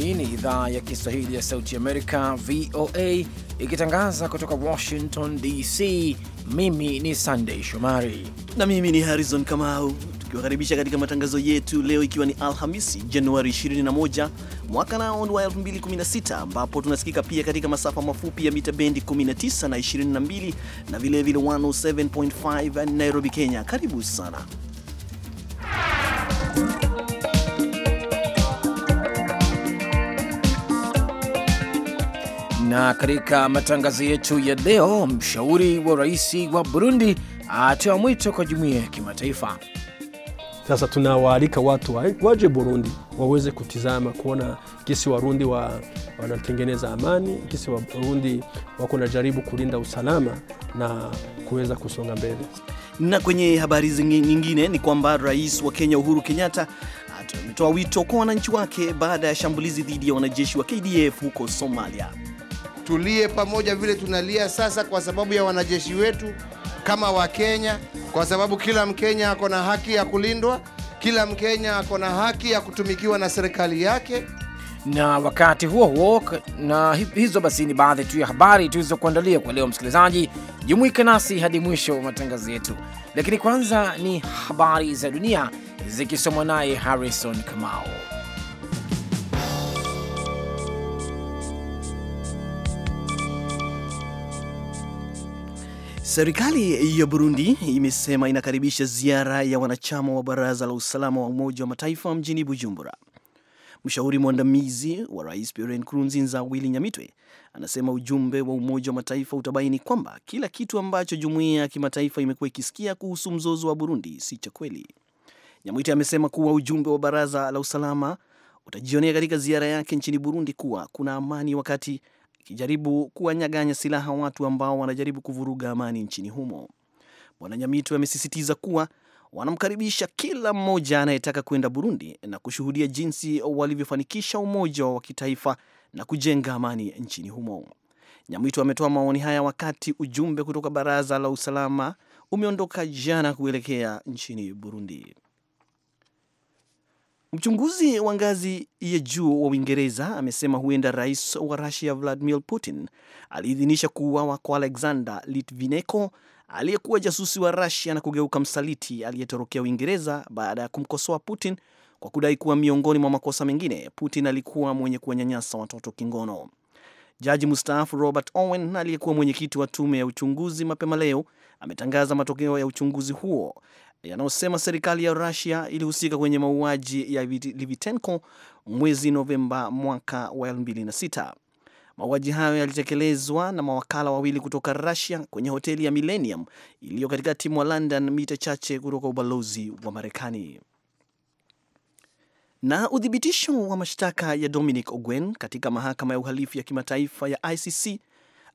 Hii ni idhaa ya Kiswahili ya Sauti Amerika, VOA, ikitangaza kutoka Washington DC. Mimi ni Sandei Shomari na mimi ni Harrison Kamau, tukiwakaribisha katika matangazo yetu leo, ikiwa ni Alhamisi Januari 21 mwaka nao wa 2016, ambapo tunasikika pia katika masafa mafupi ya mita bendi 19 na 22 na vilevile 107.5 Nairobi, Kenya. Karibu sana Na katika matangazo yetu ya leo, mshauri wa rais wa Burundi atoa mwito kwa jumuiya ya kimataifa. Sasa tunawaalika watu waje Burundi waweze kutizama kuona kisi Warundi wa, wanatengeneza amani, kisi Warundi wako na jaribu kulinda usalama na kuweza kusonga mbele. Na kwenye habari nyingine ni kwamba rais wa Kenya Uhuru Kenyatta ametoa wito kwa wananchi wake baada ya shambulizi dhidi ya wanajeshi wa KDF huko Somalia tulie pamoja vile tunalia sasa, kwa sababu ya wanajeshi wetu kama Wakenya, kwa sababu kila Mkenya ako na haki ya kulindwa, kila Mkenya ako na haki ya kutumikiwa na serikali yake. Na wakati huo huo, na hizo basi ni baadhi tu ya habari tulizokuandalia kwa leo. Msikilizaji, jumuike nasi hadi mwisho wa matangazo yetu, lakini kwanza ni habari za dunia zikisomwa naye Harrison Kamau. Serikali ya Burundi imesema inakaribisha ziara ya wanachama wa Baraza la Usalama wa Umoja wa Mataifa mjini Bujumbura. Mshauri mwandamizi wa Rais Pierre Nkurunziza, Willy Nyamitwe, anasema ujumbe wa Umoja wa Mataifa utabaini kwamba kila kitu ambacho jumuiya ya kimataifa imekuwa ikisikia kuhusu mzozo wa Burundi si cha kweli. Nyamwite amesema kuwa ujumbe wa Baraza la Usalama utajionea katika ziara yake nchini Burundi kuwa kuna amani wakati ikijaribu kuwanyaganya silaha watu ambao wanajaribu kuvuruga amani nchini humo. Bwana amesisitiza kuwa wanamkaribisha kila mmoja anayetaka kwenda Burundi na kushuhudia jinsi walivyofanikisha umoja wa kitaifa na kujenga amani nchini humo. Nyamwitu ametoa maoni haya wakati ujumbe kutoka Baraza la Usalama umeondoka jana kuelekea nchini Burundi. Mchunguzi wa ngazi ya juu wa Uingereza amesema huenda rais wa Rusia Vladimir Putin aliidhinisha kuuawa kwa Alexander Litvinenko aliyekuwa jasusi wa Rusia na kugeuka msaliti aliyetorokea Uingereza baada ya kumkosoa Putin kwa kudai kuwa miongoni mwa makosa mengine, Putin alikuwa mwenye kuwanyanyasa watoto kingono. Jaji mstaafu Robert Owen aliyekuwa mwenyekiti wa tume ya uchunguzi mapema leo ametangaza matokeo ya uchunguzi huo yanayosema serikali ya Rusia ilihusika kwenye mauaji ya Livitenko mwezi Novemba mwaka wa 2006. Mauaji hayo yalitekelezwa na mawakala wawili kutoka Rusia kwenye hoteli ya Millennium iliyo timu mwa London, mita chache kutoka ubalozi wa Marekani. Na uthibitisho wa mashtaka ya Dominic ogwen katika mahakama ya uhalifu ya kimataifa ya ICC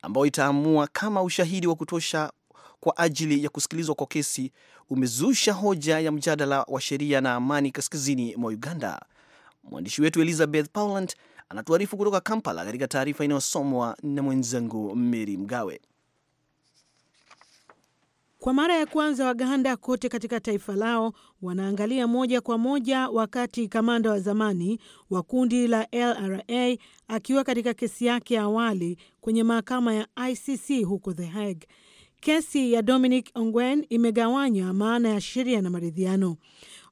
ambayo itaamua kama ushahidi wa kutosha kwa ajili ya kusikilizwa kwa kesi umezusha hoja ya mjadala wa sheria na amani kaskazini mwa Uganda. Mwandishi wetu Elizabeth Powland anatuarifu kutoka Kampala, katika taarifa inayosomwa na mwenzangu Meri Mgawe. Kwa mara ya kwanza Waganda kote katika taifa lao wanaangalia moja kwa moja, wakati kamanda wa zamani wa kundi la LRA akiwa katika kesi yake ya awali kwenye mahakama ya ICC huko The Hague Kesi ya Dominic Ongwen imegawanywa maana ya sheria na maridhiano.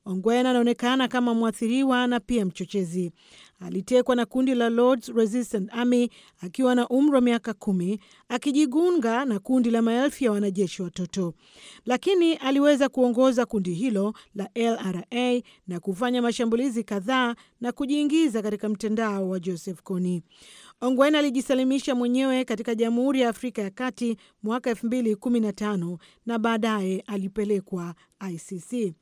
Ongwen anaonekana kama mwathiriwa na pia mchochezi. Alitekwa na kundi la Lords Resistance Army akiwa na umri wa miaka kumi, akijigunga na kundi la maelfu ya wanajeshi watoto, lakini aliweza kuongoza kundi hilo la LRA na kufanya mashambulizi kadhaa na kujiingiza katika mtandao wa Joseph Kony. Ongwen alijisalimisha mwenyewe katika Jamhuri ya Afrika ya Kati mwaka 2015 na baadaye alipelekwa ICC.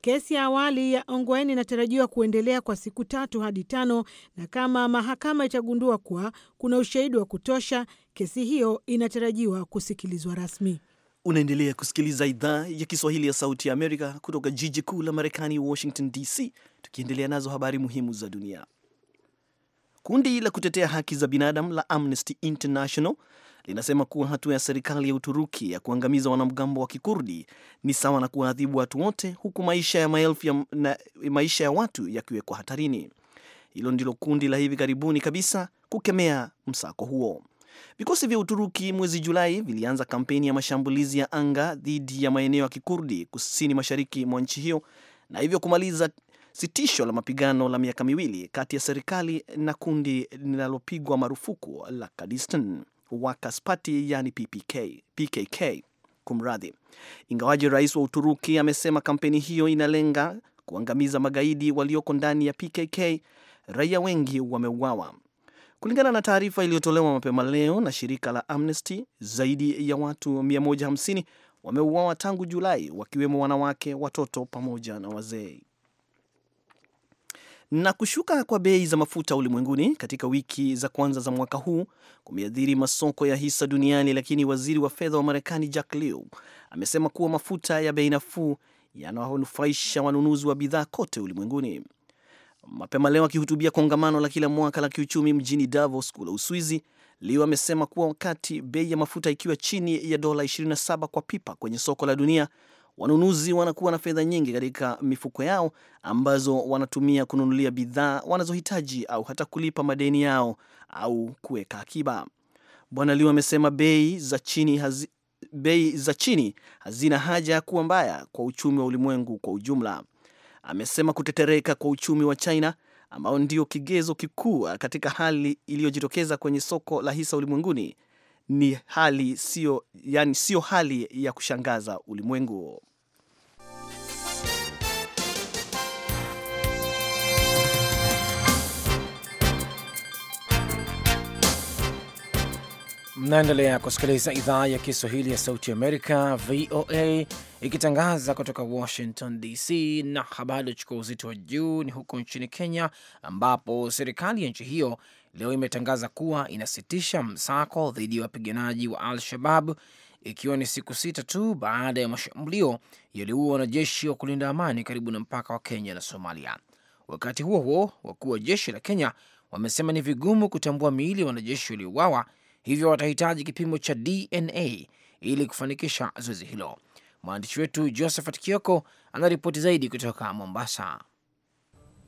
Kesi ya awali ya Ongwen inatarajiwa kuendelea kwa siku tatu hadi tano, na kama mahakama itagundua kuwa kuna ushahidi wa kutosha, kesi hiyo inatarajiwa kusikilizwa rasmi. Unaendelea kusikiliza idhaa ya Kiswahili ya Sauti ya Amerika kutoka jiji kuu la Marekani, Washington DC, tukiendelea nazo habari muhimu za dunia. Kundi la kutetea haki za binadamu la Amnesty International linasema kuwa hatua ya serikali ya Uturuki ya kuangamiza wanamgambo wa kikurdi ni sawa na kuwaadhibu watu wote, huku maisha ya maelfu ya, na, maisha ya watu yakiwekwa hatarini. Hilo ndilo kundi la hivi karibuni kabisa kukemea msako huo. Vikosi vya Uturuki mwezi Julai vilianza kampeni ya mashambulizi ya anga dhidi ya maeneo ya kikurdi kusini mashariki mwa nchi hiyo na hivyo kumaliza sitisho la mapigano la miaka miwili kati ya serikali na kundi linalopigwa marufuku la Kurdistan Workers Party yani PPK, PKK kumradhi. Ingawaji rais wa Uturuki amesema kampeni hiyo inalenga kuangamiza magaidi walioko ndani ya PKK, raia wengi wameuawa. Kulingana na taarifa iliyotolewa mapema leo na shirika la Amnesty, zaidi ya watu 150 wameuawa tangu Julai, wakiwemo wanawake, watoto pamoja na wazee. Na kushuka kwa bei za mafuta ulimwenguni katika wiki za kwanza za mwaka huu kumeathiri masoko ya hisa duniani, lakini waziri wa fedha wa Marekani Jack Lew amesema kuwa mafuta ya bei nafuu yanawanufaisha wanunuzi wa bidhaa kote ulimwenguni. Mapema leo akihutubia kongamano la kila mwaka la kiuchumi mjini Davos kule Uswizi, Lew amesema kuwa wakati bei ya mafuta ikiwa chini ya dola 27 kwa pipa kwenye soko la dunia, wanunuzi wanakuwa na fedha nyingi katika mifuko yao ambazo wanatumia kununulia bidhaa wanazohitaji au hata kulipa madeni yao au kuweka akiba. Bwana Liu amesema bei za chini hazi, bei za chini hazina haja ya kuwa mbaya kwa uchumi wa ulimwengu kwa ujumla. Amesema kutetereka kwa uchumi wa China ambao ndio kigezo kikuu katika hali iliyojitokeza kwenye soko la hisa ulimwenguni ni hali sio, yani sio hali ya kushangaza ulimwengu. Mnaendelea kusikiliza idhaa ya Kiswahili ya Sauti Amerika, VOA, ikitangaza kutoka Washington DC. Na habari uchukua uzito wa juu ni huko nchini Kenya, ambapo serikali ya nchi hiyo leo imetangaza kuwa inasitisha msako dhidi ya wapiganaji wa Al Shabab, ikiwa ni siku sita tu baada ya mashambulio yaliua wanajeshi wa kulinda amani karibu na mpaka wa Kenya na Somalia. Wakati huo huo, wakuu wa jeshi la Kenya wamesema ni vigumu kutambua miili ya wanajeshi waliouawa hivyo watahitaji kipimo cha DNA ili kufanikisha zoezi hilo. Mwandishi wetu Josephat Kioko anaripoti zaidi kutoka Mombasa.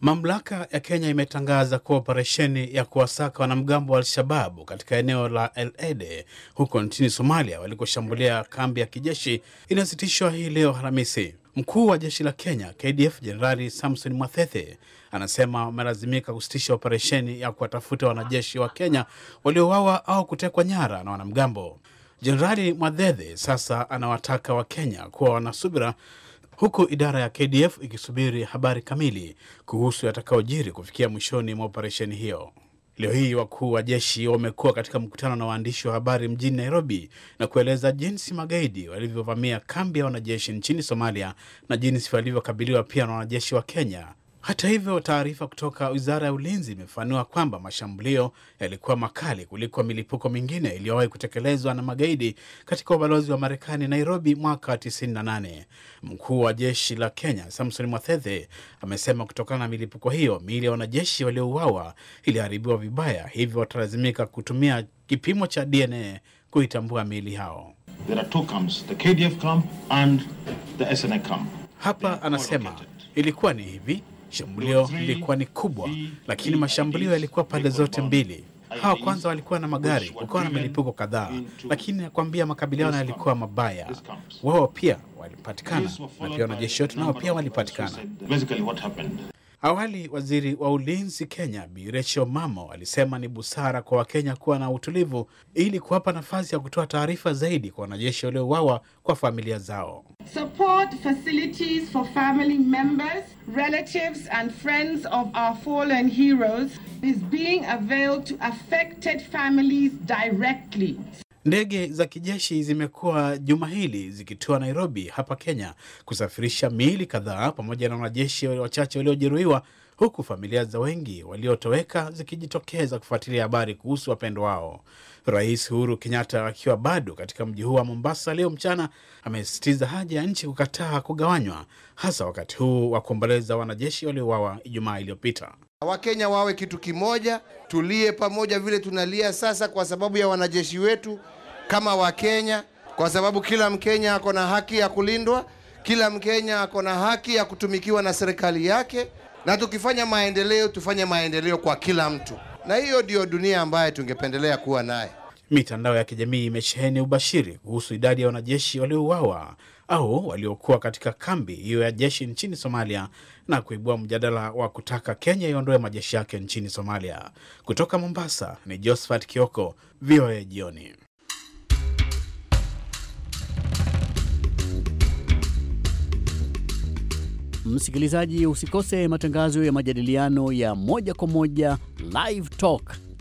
Mamlaka ya Kenya imetangaza kuwa operesheni ya kuwasaka wanamgambo wa Al-Shababu katika eneo la El Ede huko nchini Somalia walikoshambulia kambi ya kijeshi inasitishwa hii leo Alhamisi. Mkuu wa jeshi la Kenya KDF Jenerali Samson Mwathethe anasema wamelazimika kusitisha operesheni ya kuwatafuta wanajeshi wa Kenya waliowawa au kutekwa nyara na wanamgambo. Jenerali Mwadhethe sasa anawataka Wakenya kuwa wanasubira huku idara ya KDF ikisubiri habari kamili kuhusu yatakayojiri kufikia mwishoni mwa operesheni hiyo. Leo hii wakuu wa jeshi wamekuwa katika mkutano na waandishi wa habari mjini Nairobi na kueleza jinsi magaidi walivyovamia kambi ya wanajeshi nchini Somalia na jinsi walivyokabiliwa pia na wanajeshi wa Kenya hata hivyo, taarifa kutoka wizara ya ulinzi imefanua kwamba mashambulio yalikuwa makali kuliko milipuko mingine iliyowahi kutekelezwa na magaidi katika ubalozi wa Marekani Nairobi mwaka 98. Mkuu wa jeshi la Kenya Samson Mwathethe amesema kutokana na milipuko hiyo, miili ya wanajeshi waliouawa iliharibiwa vibaya, hivyo watalazimika kutumia kipimo cha DNA kuitambua miili hao. There are two camps, the KDF camp and the SNA camp. Hapa anasema ilikuwa ni hivi Shambulio lilikuwa ni kubwa, lakini mashambulio yalikuwa pande zote mbili. Hawa kwanza walikuwa na magari, kukawa na milipuko kadhaa, lakini nakwambia makabiliano yalikuwa mabaya. Wao pia walipatikana na pia wanajeshi wetu nao pia walipatikana. Awali waziri wa ulinzi Kenya Bi Rachel Mamo alisema ni busara kwa Wakenya kuwa na utulivu ili kuwapa nafasi ya kutoa taarifa zaidi kwa wanajeshi waliouawa kwa familia zao. Support facilities for family members relatives and friends of our fallen heroes is being availed to affected families directly. Ndege za kijeshi zimekuwa juma hili zikitua Nairobi hapa Kenya kusafirisha miili kadhaa pamoja na wanajeshi wachache waliojeruhiwa, huku familia za wengi waliotoweka zikijitokeza kufuatilia habari kuhusu wapendwa wao. Rais Uhuru Kenyatta akiwa bado katika mji huu wa Mombasa leo mchana amesisitiza haja ya nchi kukataa kugawanywa, hasa wakati huu wa kuomboleza wanajeshi waliouawa Ijumaa iliyopita. Wakenya wawe kitu kimoja, tulie pamoja vile tunalia sasa, kwa sababu ya wanajeshi wetu kama Wakenya, kwa sababu kila Mkenya ako na haki ya kulindwa, kila Mkenya ako na haki ya kutumikiwa na serikali yake, na tukifanya maendeleo tufanye maendeleo kwa kila mtu, na hiyo ndiyo dunia ambayo tungependelea kuwa naye. Mitandao ya kijamii imesheheni ubashiri kuhusu idadi ya wanajeshi waliouawa au waliokuwa katika kambi hiyo ya jeshi nchini Somalia na kuibua mjadala wa kutaka Kenya iondoe majeshi yake nchini Somalia. Kutoka Mombasa ni Josephat Kioko, VOA Jioni. Msikilizaji, usikose matangazo ya majadiliano ya moja kwa moja Live Talk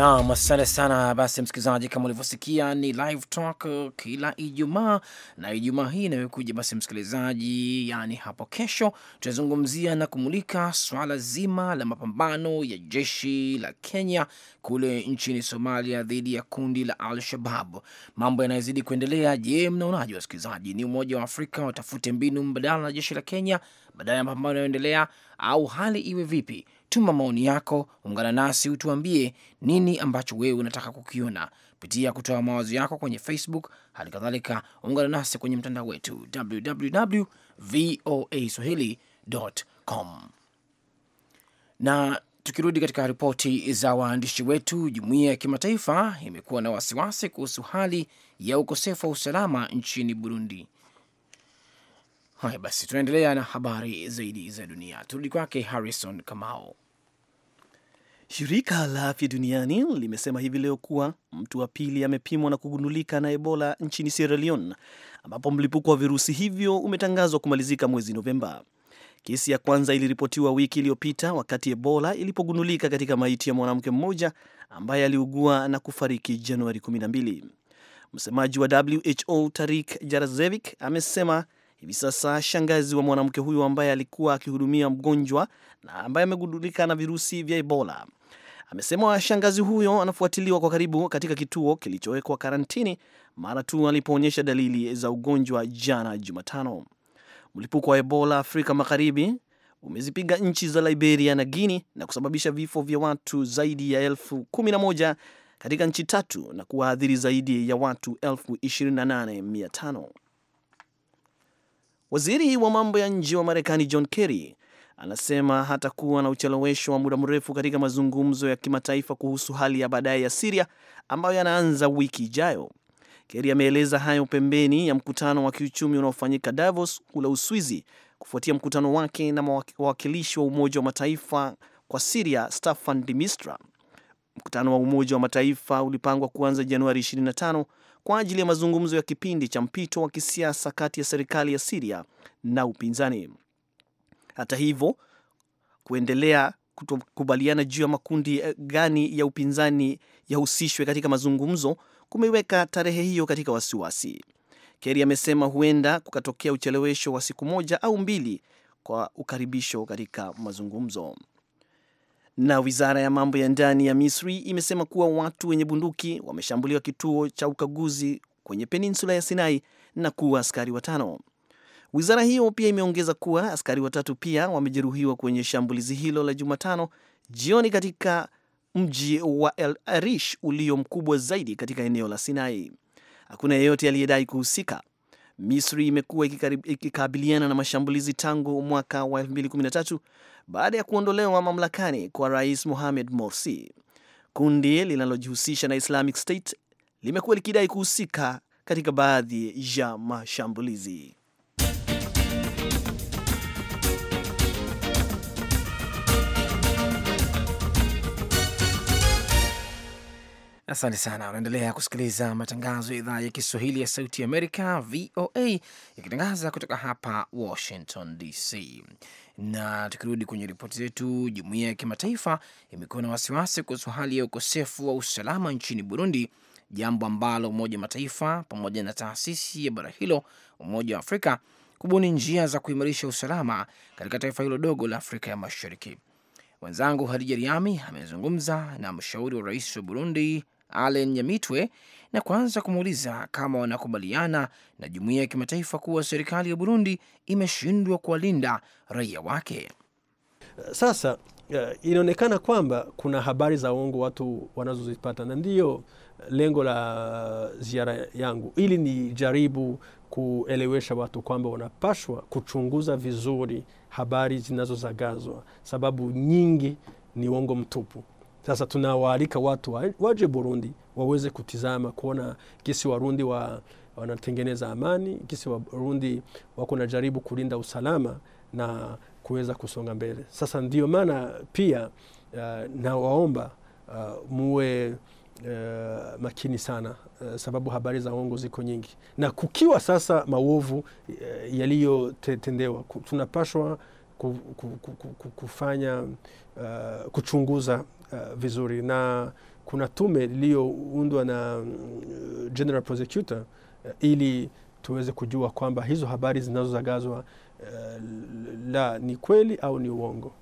Naam, asante sana. Basi msikilizaji, kama ulivyosikia ni live talk uh, kila Ijumaa, na Ijumaa hii inayokuja, basi msikilizaji, yani hapo kesho, tutazungumzia na kumulika swala zima la mapambano ya jeshi la Kenya kule nchini Somalia dhidi ya kundi la Al Shabab. Mambo yanayozidi kuendelea. Je, mnaonaje wasikilizaji? Ni Umoja wa Afrika watafute mbinu mbadala na jeshi la Kenya badala ya mapambano yanayoendelea, au hali iwe vipi? Tuma maoni yako, ungana nasi, utuambie nini ambacho wewe unataka kukiona. Pitia kutoa mawazo yako kwenye Facebook. Hali kadhalika ungana nasi kwenye mtandao wetu www voa swahili.com. Na tukirudi katika ripoti za waandishi wetu, jumuiya ya kimataifa imekuwa na wasiwasi kuhusu hali ya ukosefu wa usalama nchini Burundi. Haya basi, tunaendelea na habari zaidi za dunia. Turudi kwake Harrison Kamao. Shirika la Afya Duniani limesema hivi leo kuwa mtu wa pili amepimwa na kugundulika na Ebola nchini Sierra Leone, ambapo mlipuko wa virusi hivyo umetangazwa kumalizika mwezi Novemba. Kesi ya kwanza iliripotiwa wiki iliyopita wakati Ebola ilipogundulika katika maiti ya mwanamke mmoja ambaye aliugua na kufariki Januari 12. Msemaji wa WHO Tarik Jarazevik amesema hivi sasa shangazi wa mwanamke huyo ambaye alikuwa akihudumia mgonjwa na ambaye amegundulika na virusi vya Ebola amesema shangazi huyo anafuatiliwa kwa karibu katika kituo kilichowekwa karantini mara tu alipoonyesha dalili za ugonjwa jana Jumatano. Mlipuko wa Ebola Afrika Magharibi umezipiga nchi za Liberia na Guinea na kusababisha vifo vya watu zaidi ya elfu kumi na moja katika nchi tatu na kuwaadhiri zaidi ya watu elfu ishirini na nane mia tano. Waziri wa mambo ya nje wa Marekani John Kerry anasema hatakuwa na uchelewesho wa muda mrefu katika mazungumzo ya kimataifa kuhusu hali ya baadaye ya Siria ambayo yanaanza wiki ijayo. Keri ameeleza hayo pembeni ya mkutano wa kiuchumi unaofanyika Davos kule Uswizi kufuatia mkutano wake na wawakilishi wa Umoja wa Mataifa kwa Siria Staffan de Mistura. Mkutano wa Umoja wa Mataifa ulipangwa kuanza Januari 25 kwa ajili ya mazungumzo ya kipindi cha mpito wa kisiasa kati ya serikali ya Siria na upinzani. Hata hivyo kuendelea kutokubaliana juu ya makundi eh, gani ya upinzani yahusishwe katika mazungumzo kumeiweka tarehe hiyo katika wasiwasi. Kerry amesema huenda kukatokea uchelewesho wa siku moja au mbili kwa ukaribisho katika mazungumzo. Na wizara ya mambo ya ndani ya Misri imesema kuwa watu wenye bunduki wameshambuliwa kituo cha ukaguzi kwenye peninsula ya Sinai na kuwa askari watano. Wizara hiyo pia imeongeza kuwa askari watatu pia wamejeruhiwa kwenye shambulizi hilo la Jumatano jioni katika mji wa El Arish ulio mkubwa zaidi katika eneo la Sinai. Hakuna yeyote aliyedai kuhusika. Misri imekuwa ikikabiliana na mashambulizi tangu mwaka wa 2013 baada ya kuondolewa mamlakani kwa Rais Mohamed Morsi. Kundi linalojihusisha na Islamic State limekuwa likidai kuhusika katika baadhi ya mashambulizi. Asante sana. Unaendelea kusikiliza matangazo ya idhaa ya Kiswahili ya Sauti Amerika, VOA, ikitangaza kutoka hapa Washington DC. Na tukirudi kwenye ripoti zetu, jumuiya ya kimataifa imekuwa na wasiwasi kuhusu hali ya ukosefu wa usalama nchini Burundi, jambo ambalo Umoja wa Mataifa pamoja na taasisi ya bara hilo, Umoja wa Afrika, kubuni njia za kuimarisha usalama katika taifa hilo dogo la Afrika ya Mashariki. Mwenzangu Hadija Riami amezungumza na mshauri wa rais wa Burundi Allen Nyamitwe na kuanza kumuuliza kama wanakubaliana na jumuiya ya kimataifa kuwa serikali ya Burundi imeshindwa kuwalinda raia wake. Sasa eh, inaonekana kwamba kuna habari za uongo watu wanazozipata, na ndiyo eh, lengo la eh, ziara yangu, ili ni jaribu kuelewesha watu kwamba wanapashwa kuchunguza vizuri habari zinazozagazwa, sababu nyingi ni uongo mtupu. Sasa tunawaalika watu waje Burundi waweze kutizama kuona gisi Warundi wa, wanatengeneza amani, gisi Warundi wako na jaribu kulinda usalama na kuweza kusonga mbele. Sasa ndio maana pia uh, nawaomba uh, muwe Uh, makini sana uh, sababu habari za uongo ziko nyingi, na kukiwa sasa maovu uh, yaliyotendewa tunapashwa kufanya uh, kuchunguza uh, vizuri, na kuna tume iliyoundwa na mm, general prosecutor uh, ili tuweze kujua kwamba hizo habari zinazozagazwa uh, la ni kweli au ni uongo.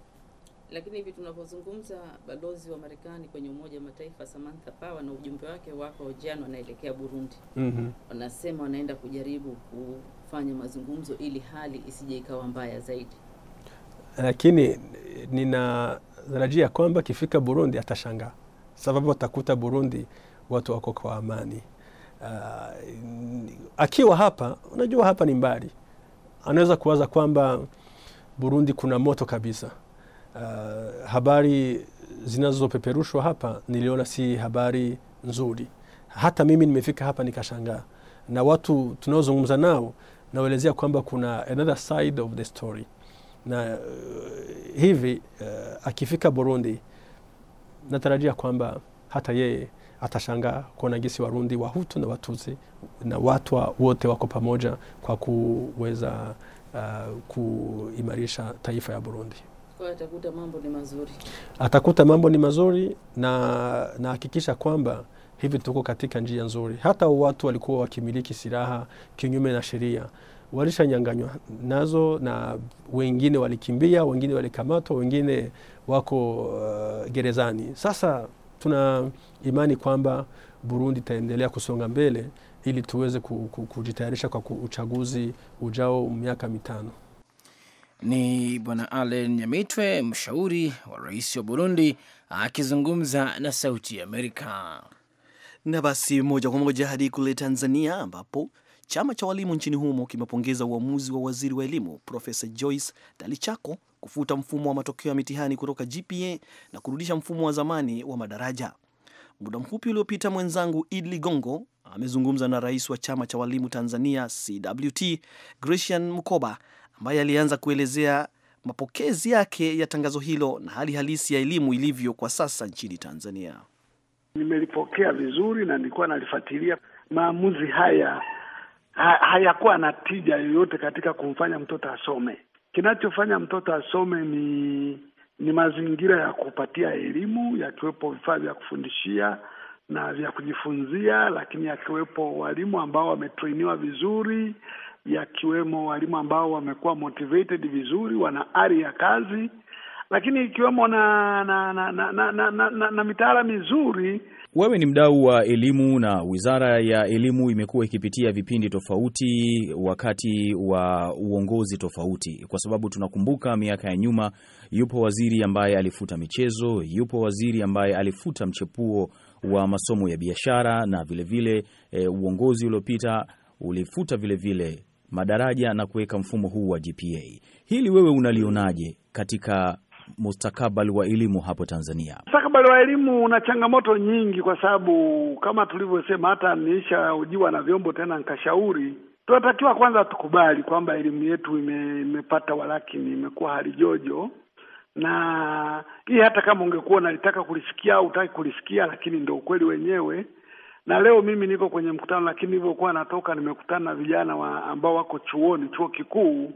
Lakini hivi tunavyozungumza, balozi wa Marekani kwenye Umoja wa Mataifa Samantha Power na ujumbe wake wako jana, wanaelekea Burundi. mm -hmm. Wanasema wanaenda kujaribu kufanya mazungumzo ili hali isije ikawa mbaya zaidi, lakini nina ya kwamba kifika Burundi atashangaa, sababu atakuta Burundi watu wako kwa amani. Uh, akiwa hapa, unajua hapa ni mbali, anaweza kuwaza kwamba Burundi kuna moto kabisa. Uh, habari zinazopeperushwa hapa niliona si habari nzuri. Hata mimi nimefika hapa nikashangaa, na watu tunaozungumza nao nawelezea kwamba kuna another side of the story na uh, hivi uh, akifika Burundi natarajia kwamba hata yeye atashangaa kuona gisi Warundi Wahutu na watuzi na Watwa wote wako pamoja kwa kuweza uh, kuimarisha taifa ya Burundi. Kwa atakuta mambo ni mazuri, atakuta mambo ni mazuri na nahakikisha kwamba hivi tuko katika njia nzuri. Hata watu walikuwa wakimiliki silaha kinyume na sheria walishanyanganywa nazo na wengine walikimbia, wengine walikamatwa, wengine wako uh, gerezani. Sasa tuna imani kwamba Burundi itaendelea kusonga mbele ili tuweze kujitayarisha kwa uchaguzi ujao miaka mitano. Ni Bwana alen Nyamitwe, mshauri wa rais wa Burundi, akizungumza na Sauti ya Amerika. Na basi moja kwa moja hadi kule Tanzania ambapo Chama cha walimu nchini humo kimepongeza uamuzi wa waziri wa elimu Profesa Joyce Dalichako kufuta mfumo wa matokeo ya mitihani kutoka GPA na kurudisha mfumo wa zamani wa madaraja. Muda mfupi uliopita, mwenzangu Id Ligongo amezungumza na rais wa chama cha walimu Tanzania CWT Grecian Mkoba ambaye alianza kuelezea mapokezi yake ya tangazo hilo na hali halisi ya elimu ilivyo kwa sasa nchini Tanzania. Nimelipokea vizuri na nilikuwa nalifuatilia maamuzi haya ha, hayakuwa na tija yoyote katika kumfanya mtoto asome. Kinachofanya mtoto asome ni ni mazingira ya kupatia elimu, yakiwepo vifaa vya kufundishia na vya kujifunzia, lakini yakiwepo walimu ambao wametrainiwa vizuri, yakiwemo walimu ambao wamekuwa motivated vizuri, wana ari ya kazi lakini ikiwemo na na na, na, na, na, na, na, na mitaala mizuri. Wewe ni mdau wa elimu na Wizara ya Elimu imekuwa ikipitia vipindi tofauti wakati wa uongozi tofauti, kwa sababu tunakumbuka miaka ya nyuma, yupo waziri ambaye alifuta michezo, yupo waziri ambaye alifuta mchepuo wa masomo ya biashara, na vilevile vile, e, uongozi uliopita ulifuta vilevile vile madaraja na kuweka mfumo huu wa GPA. Hili wewe unalionaje katika mustakabali wa elimu hapo Tanzania? Mustakabali wa elimu una changamoto nyingi, kwa sababu kama tulivyosema, hata niishaujiwa na vyombo tena nikashauri tunatakiwa kwanza tukubali kwamba elimu yetu ime, imepata walakini, imekuwa halijojo, na hii hata kama ungekuwa unalitaka kulisikia au utaki kulisikia, lakini ndo ukweli wenyewe. Na leo mimi niko kwenye mkutano, lakini nilivyokuwa natoka nimekutana na vijana wa ambao wako chuoni, chuo kikuu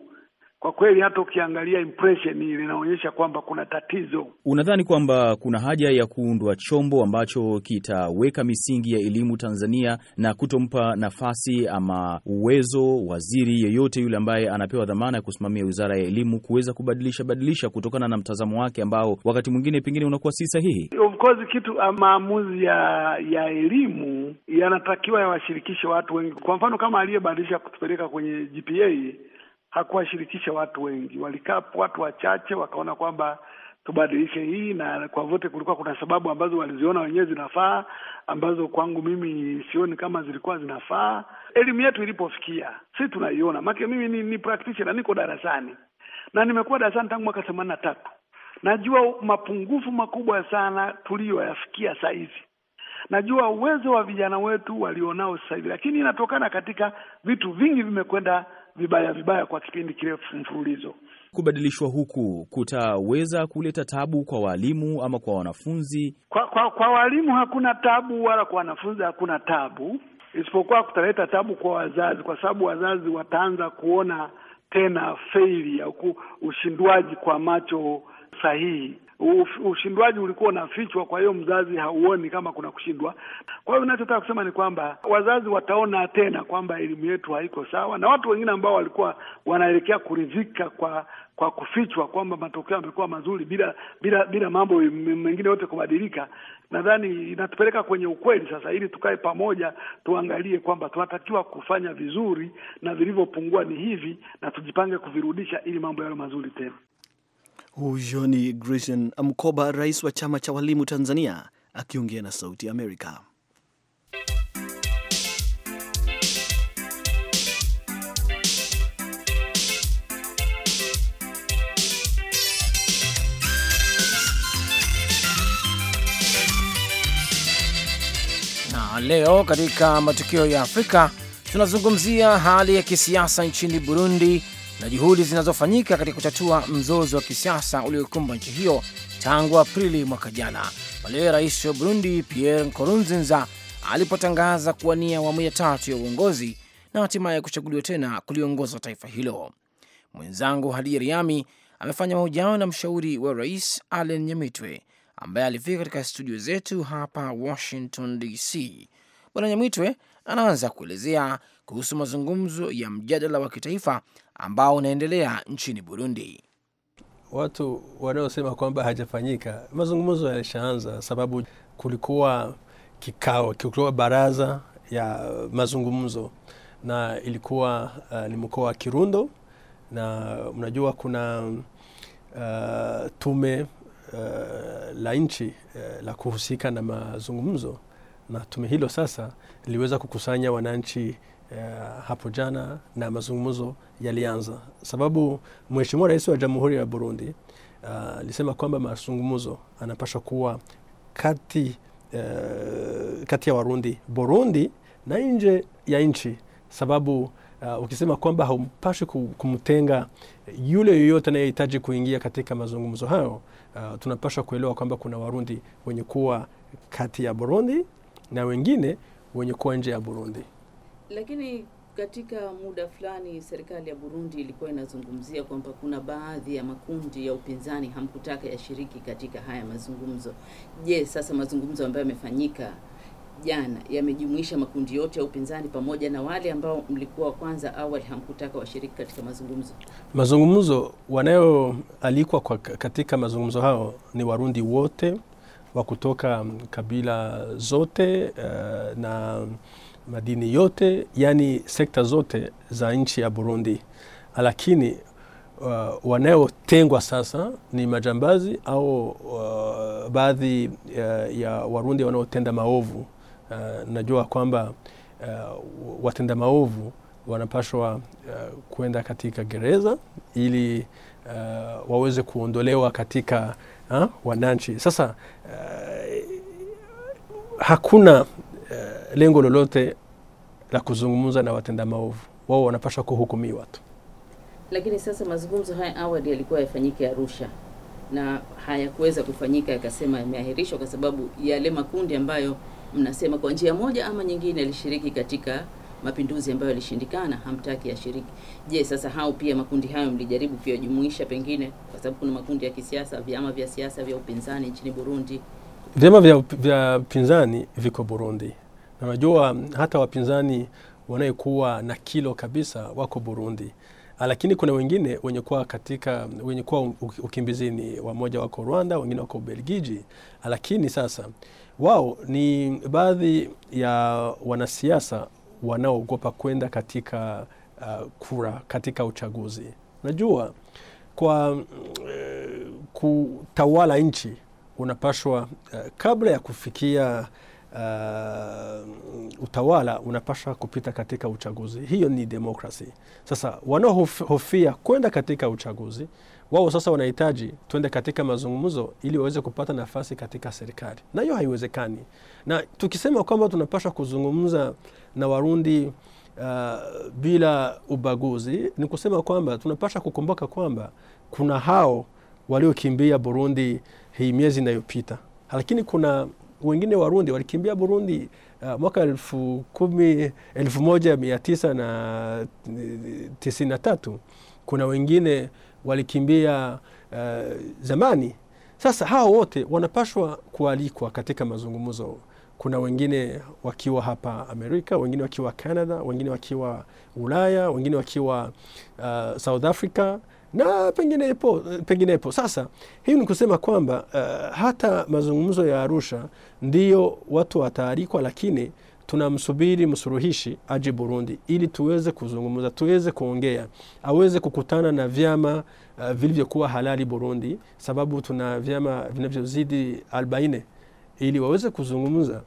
kwa kweli hata ukiangalia impression ile inaonyesha kwamba kuna tatizo. Unadhani kwamba kuna haja ya kuundwa chombo ambacho kitaweka misingi ya elimu Tanzania na kutompa nafasi ama uwezo waziri yeyote yule ambaye anapewa dhamana ya kusimamia wizara ya elimu kuweza kubadilisha badilisha kutokana na mtazamo wake ambao wakati mwingine pengine unakuwa si sahihi? Of course kitu ah, maamuzi ya ya elimu yanatakiwa yawashirikishe watu wengi. Kwa mfano kama aliyebadilisha kutupeleka kwenye GPA hakuwashirikisha watu wengi, walikaa watu wachache, wakaona kwamba tubadilishe hii, na kwa vote kulikuwa kuna sababu ambazo waliziona wenyewe zinafaa, ambazo kwangu mimi sioni kama zilikuwa zinafaa. Elimu yetu ilipofikia, si tunaiona make, mimi ni, ni practitioner, niko darasani na nimekuwa darasani tangu mwaka themanini na tatu. Najua mapungufu makubwa sana tuliyoyafikia sahizi najua uwezo wa vijana wetu walionao sasa hivi, lakini inatokana katika vitu vingi vimekwenda vibaya vibaya kwa kipindi kirefu mfululizo. Kubadilishwa huku kutaweza kuleta tabu kwa waalimu ama kwa wanafunzi? Kwa, kwa, kwa waalimu hakuna tabu, wala kwa wanafunzi hakuna tabu, isipokuwa kutaleta tabu kwa wazazi, kwa sababu wazazi wataanza kuona tena feili ya ushindwaji kwa macho sahihi ushindwaji ulikuwa unafichwa, kwa hiyo mzazi hauoni kama kuna kushindwa. Kwa hiyo ninachotaka kusema ni kwamba wazazi wataona tena kwamba elimu yetu haiko sawa, na watu wengine ambao walikuwa wanaelekea kuridhika kwa kwa kufichwa kwamba matokeo yamekuwa mazuri bila bila bila mambo mengine yote kubadilika, nadhani inatupeleka kwenye ukweli sasa, ili tukae pamoja tuangalie kwamba tunatakiwa kufanya vizuri na vilivyopungua ni hivi, na tujipange kuvirudisha ili mambo yawe mazuri tena hujoni grisen Mkoba, rais wa chama cha walimu Tanzania, akiongea na Sauti Amerika. Na leo katika matukio ya Afrika tunazungumzia hali ya kisiasa nchini Burundi na juhudi zinazofanyika katika kutatua mzozo wa kisiasa uliokumba nchi hiyo tangu Aprili mwaka jana pale rais wa Burundi Pierre Nkurunziza alipotangaza kuwania awamu ya tatu ya uongozi na hatimaye kuchaguliwa tena kuliongoza taifa hilo. Mwenzangu Hadi Riami amefanya mahojiano na mshauri wa rais alen Nyamitwe ambaye alifika katika studio zetu hapa Washington DC Bwana Nyamwitwe anaanza kuelezea kuhusu mazungumzo ya mjadala wa kitaifa ambao unaendelea nchini Burundi. Watu wanaosema kwamba hajafanyika mazungumzo, yalishaanza sababu kulikuwa kikao, kulikuwa baraza ya mazungumzo na ilikuwa uh, ni mkoa wa Kirundo na mnajua kuna uh, tume uh, la nchi uh, la kuhusika na mazungumzo na tume hilo sasa liliweza kukusanya wananchi eh, hapo jana na mazungumzo yalianza, sababu Mheshimiwa Rais wa Jamhuri ya Burundi ah, alisema uh, kwamba mazungumzo anapasha kuwa kati, eh, kati ya Warundi Burundi na nje ya nchi, sababu uh, ukisema kwamba haumpashi kumtenga yule yoyote anayehitaji kuingia katika mazungumzo hayo uh, ah, tunapasha kuelewa kwamba kuna Warundi wenye kuwa kati ya Burundi na wengine wenye kuwa nje ya Burundi. Lakini katika muda fulani serikali ya Burundi ilikuwa inazungumzia kwamba kuna baadhi ya makundi ya upinzani hamkutaka yashiriki katika haya mazungumzo. Je, sasa mazungumzo ambayo yamefanyika jana yamejumuisha makundi yote ya upinzani pamoja na wale ambao mlikuwa kwanza awali hamkutaka washiriki katika mazungumzo? Mazungumzo wanayoalikwa katika mazungumzo hao ni Warundi wote wa kutoka kabila zote uh, na madini yote, yani sekta zote za nchi ya Burundi, lakini uh, wanaotengwa sasa ni majambazi au uh, baadhi uh, ya Warundi wanaotenda maovu. Uh, najua kwamba uh, watenda maovu wanapashwa uh, kwenda katika gereza ili uh, waweze kuondolewa katika ha, wananchi. Sasa uh, hakuna uh, lengo lolote la kuzungumza na watenda maovu, wao wanapaswa kuhukumiwa tu. Lakini sasa mazungumzo haya awali yalikuwa yafanyike Arusha na hayakuweza kufanyika, yakasema yameahirishwa kwa sababu yale makundi ambayo mnasema kwa njia moja ama nyingine yalishiriki katika mapinduzi ambayo yalishindikana, hamtaki yashiriki. Je, sasa hao pia makundi hayo mlijaribu kuyajumuisha pengine, kwa sababu kuna makundi ya kisiasa, vyama vya siasa vya upinzani nchini Burundi? Vyama vya, vya pinzani viko Burundi na najua hata wapinzani wanaokuwa na kilo kabisa wako Burundi, ah, lakini kuna wengine wenye kuwa katika wenye kuwa ukimbizini, wamoja wako Rwanda, wengine wako Ubelgiji. Ah, lakini sasa wao ni baadhi ya wanasiasa wanaoogopa kwenda katika uh, kura katika uchaguzi. Najua kwa uh, kutawala nchi unapashwa uh, kabla ya kufikia uh, utawala unapashwa kupita katika uchaguzi. Hiyo ni demokrasi. Sasa wanaohofia kwenda katika uchaguzi wao sasa wanahitaji twende katika mazungumzo ili waweze kupata nafasi katika serikali, na hiyo haiwezekani. Na tukisema kwamba tunapashwa kuzungumza na Warundi uh, bila ubaguzi, ni kusema kwamba tunapasha kukumbuka kwamba kuna hao waliokimbia Burundi hii miezi inayopita, lakini kuna wengine Warundi walikimbia Burundi uh, mwaka elfu kumi elfu moja mia tisa na uh, tisini na tatu. Kuna wengine walikimbia uh, zamani. Sasa hao wote wanapashwa kualikwa katika mazungumzo kuna wengine wakiwa hapa Amerika, wengine wakiwa Canada, wengine wakiwa Ulaya, wengine wakiwa uh, South Africa na penginepo, penginepo. Sasa hii ni kusema kwamba uh, hata mazungumzo ya Arusha ndiyo watu wataarikwa, lakini tunamsubiri msuruhishi aje Burundi ili tuweze kuzungumza, tuweze kuongea, aweze kukutana na vyama uh, vilivyokuwa halali Burundi, sababu tuna vyama vinavyozidi 40 ili waweze kuzungumza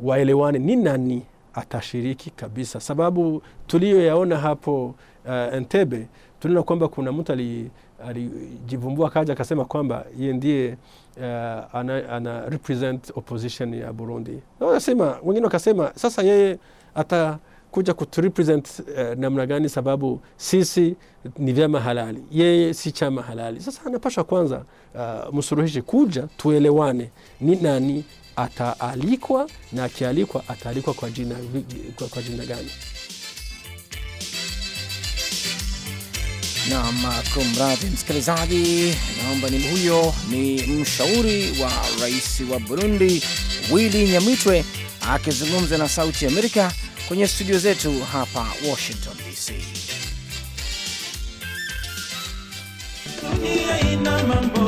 waelewane ni nani atashiriki kabisa, sababu tuliyoyaona hapo uh, Entebbe tunaona kwamba kuna mtu alijivumbua kaja akasema kwamba yeye ndiye uh, ana, ana represent opposition ya Burundi. Nasema wengine wakasema sasa yeye atakuja kuturepresent uh, namna gani? Sababu sisi ni vyama halali, yeye si chama halali. Sasa anapashwa kwanza uh, msuruhishi kuja tuelewane ni nani ataalikwa na akialikwa ataalikwa kwa jina, kwa, kwa jina gani? Nam, kumradhi msikilizaji, naomba ni huyo ni mshauri wa rais wa Burundi Willy Nyamitwe akizungumza na Sauti Amerika kwenye studio zetu hapa Washington DC. Dunia ina mambo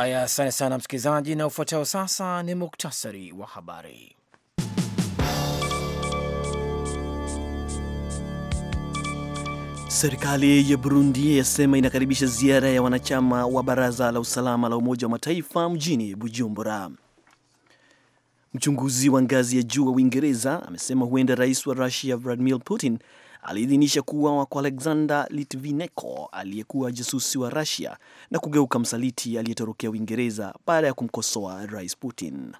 Haya, asante sana msikilizaji, na ufuatao sasa ni muktasari wa habari. Serikali ya Burundi yasema inakaribisha ziara ya wanachama wa Baraza la Usalama la Umoja wa Mataifa mjini Bujumbura. Mchunguzi wa ngazi ya juu wa Uingereza amesema huenda rais wa rusia Vladimir Putin aliidhinisha kuuawa kwa Alexander Litvinenko aliyekuwa jasusi wa Russia na kugeuka msaliti aliyetorokea Uingereza baada ya kumkosoa Rais Putin.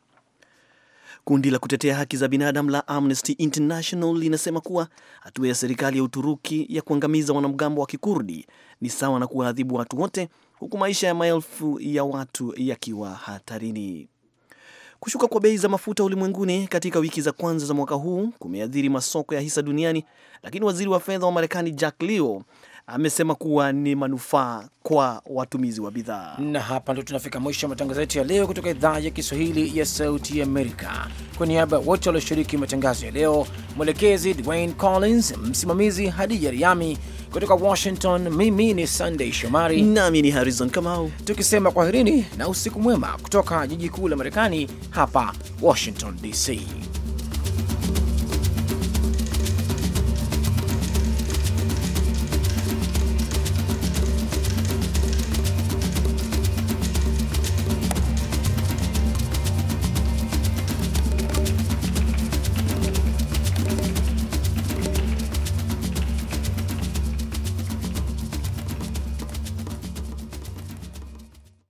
Kundi la kutetea haki za binadamu la Amnesty International linasema kuwa hatua ya serikali ya Uturuki ya kuangamiza wanamgambo wa Kikurdi ni sawa na kuwaadhibu watu wote huku maisha ya maelfu ya watu yakiwa hatarini. Kushuka kwa bei za mafuta ulimwenguni katika wiki za kwanza za mwaka huu kumeathiri masoko ya hisa duniani, lakini waziri wa fedha wa Marekani Jack Leo amesema kuwa ni manufaa kwa watumizi wa bidhaa. Na hapa ndo tunafika mwisho wa matangazo yetu ya leo kutoka idhaa ya Kiswahili ya Sauti Amerika. Kwa niaba ya wote walioshiriki matangazo ya leo, mwelekezi Dwayne Collins, msimamizi Hadija Riami. Kutoka Washington, mimi ni Sunday Shomari nami ni Harrison Kamau, tukisema kwaherini na usiku mwema kutoka jiji kuu la Marekani, hapa Washington DC.